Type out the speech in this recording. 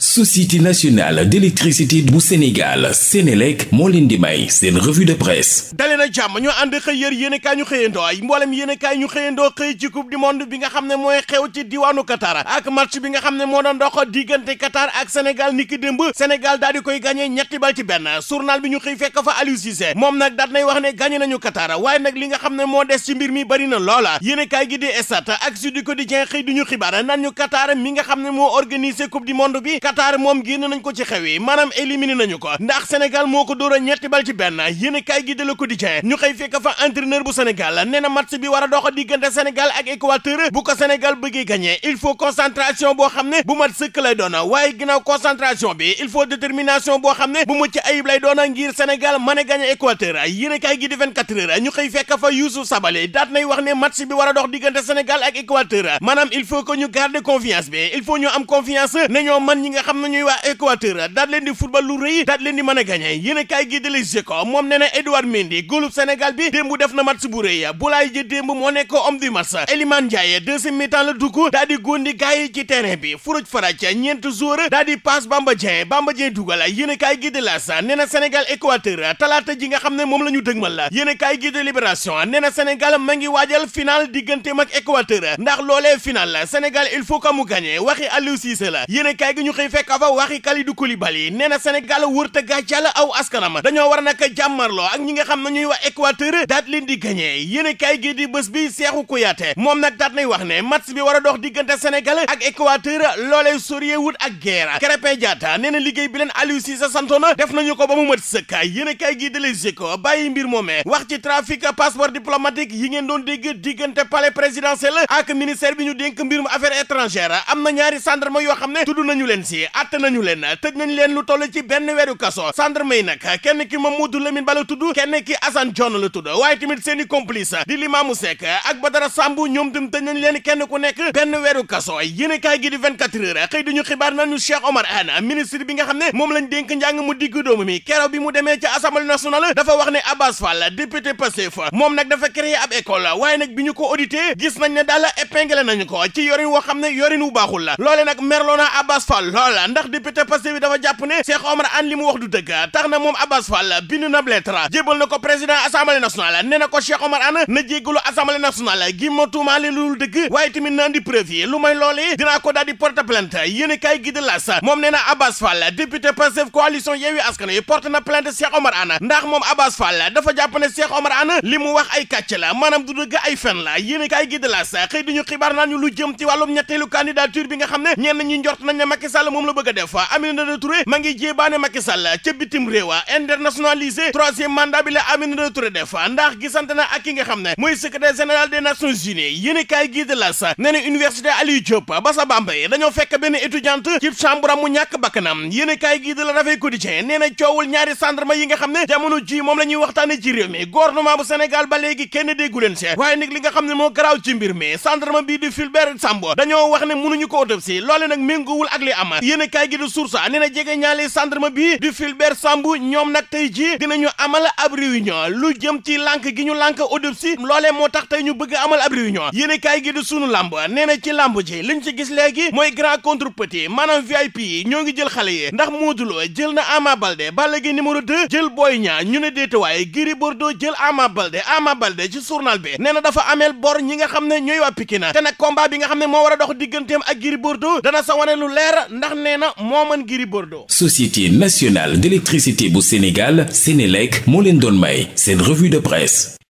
société nationale d'électricité bu Sénégal Sénélec moo leen di may seen revue de presse dali na jàmm ñoo ànd xëy yër yéenekaay ñu xëyandoo ay mboolem yéenekaay ñu xëyandoo xëy ci coupe du monde bi nga xam ne mooy xew ci diwaanu Qatar ak match bi nga xam ne moo doon dox diggante Qatar ak Sénégal niki démb Sénégal daal di koy gagné ñetti bal ci benn surnal bi ñu xëy fekk fa Aliou Cissé moom nag daat nay wax ne gagné nañu Qatar waaye nag li nga xam ne moo des ci mbir mi bari na loola yéenekaay gi di Stades ak Sud Quotidien xëy duñu xibaar naan ñu Qatar mi nga xam ne moo organisé coupe du monde bi Qatar moom génn nañ ko ci xew yi maanaam éliminé nañu ko ndax Sénégal moo ko dóor a ñetti bal ci benn yéen kaay gi de Le Quotidien ñu xëy fekk fa entraîneur bu Sénégal nee na match bi war a dox diggante Sénégal ak Équateur bu ko Sénégal bëggee gagné il faut concentration boo xam ne bu mat sëkk lay doona waaye ginnaaw concentration bi il faut détermination boo xam ne bu mucc ayib lay doona ngir Sénégal mën a gagné Équateur yéen kaay gi di 24 heures ñu xëy fekk fa Youssouf Sabaly daat nay wax ne match bi war a dox Sénégal ak Équateur maanaam il faut que ñu garder confiance bi il faut ñu nga xam ne ñuy waa Équateur daal leen di football lu rëy daal leen di mën a gagné yéen a kaay gi de Les Échos moom nee na Edouard Mendy góolub bi démb def na match bu rëy Boulaye Dia démb moo nekk homme du match Eliman Ndiaye deuxième mi-temps la dugg daal di góondi ci terrain bi furuj faraj ñeent joueur daal di Bamba Dieng Bamba Dieng dugal yéen a kaay gi de L'As nee na talaata ji nga xam ne moom la ñu dëgmal la yéen a gi de Libération nee na Sénégal ma ngi waajal final digganteem ak Équateur a xëy fekk fa waxi Kalidou Koulibaly nee na Sénégal wër te gàccal aw askanam dañoo war nag jàmmarloo ak ñi nga xam ne ñuy wax Équateur daat leen di gagné yéen kay gi di bés bi Cheikhou Kouyaté moom nag daat nay wax ne match bi war a dox diggante Sénégal ak Équateur loolee soriye wut ak guerre Krépin Diatta nee liggéey bi leen Aliou Cissé santoon def nañu ko ba mu mat sëkk yéen kay gi di Les Échos bàyyi mbir moomee wax ci trafic passeport diplomatique yi ngeen doon dégg diggante palais présidentiel ak ministère bi ñu dénk mbirum affaires étrangères am na ñaari gendarme yoo xam ne nañu leen si yi atte nañu leen tëj nañ leen lu toll ci benn weeru kaso gendarme yi nag kenn ki Mamadou Lamine Ba la tudd kenn ki Assane John la tudd waaye tamit seen i complice di Limamou Seck ak Badara Samb ñoom tam tëj nañ leen kenn ku nekk benn weeru kaso yéen kaay gi di 24 heures xëy duñu xibaar nañu Cheikh Omar Anne ministre bi nga xam ne moom lañ dénk njàng mu digg doomu mi keroog bi mu demee ci assemblée nationale dafa wax ne Abbas Fall député Pastef moom nag dafa créé ab école waaye nag ko audité gis nañ ne daal épinglé ko ci yorin woo xam ne yorin baaxul la loole nag merloo na Abbas lool ndax député Pastef bi dafa jàpp ne Omar Anne li wax du dëgg tax na moom Abbas Fall bind na lettre jébal na ko président assemblée nationale nee ko Cheikh Omar Anne na jéggalu assemblée nationale gi tuumaale lu dëgg waaye tamit na andi preuve yi lu may loolee dinaa ko daal porte plainte yéen i kayi gi moom nee Abbas Fall député Pastef coalition Yewwi Askan Wi porte na plainte Cheikh Omar Anne ndax moom Abbas Fall dafa jàpp ne Sall moom la bëgg a def Aminata Touré ma ngi jéebaane Macky Sall ca bitim réewa internationalisé troisième mandat bi la Aminata Touré def ndax gisante na ak ki xam ne mooy secrétaire général des Nations Unies yéen kaay gii de las nee na université Aliou Diop ba sa Bambey dañoo fekk benn étudiante ci chambre mu ñàkk bakkanam yéen kaay gii de la Réveil Quotidien nee na coowul ñaari gendarme yi nga xam ne jamono ji moom la ñuy waxtaane ci réew mi gouvernement bu Sénégal ba léegi kenn déggu leen see waaye nag li nga xam ne moo garaaw ci yéen a kaay gi di source nee na jege ñaale gendarme bi di Fulbert Sambou ñoom nag tey jii dinañu amal ab réunion lu jëm ci lànk gi ñu lànk autopsie loolee moo tax tey ñu bëgg amal ab réunion yéen a kaay gi di sunu làmb nee na ci làmb ji liñ ci gis léegi mooy grand contre petit maanaam VIP yi ñoo ngi jël xale yi ndax Modou Lo jël na Ama Baldé Balla Gaye numéro 2 jël Boy Niang ñu ne déetewaay Gris Bordeaux jël Ama Baldé Ama Baldé ci journal bi nee na dafa ameel bor ñi nga xam ne ñooy waa Pikine te nag bi nga xam ne moo war a dox digganteem ak Gris Bordeaux dana sa wane lu leer ndax nee na moo mën Gris Bordeaux. société nationale d'électricité bu Sénégal Sénélec moo leen doon may seen revue de presse.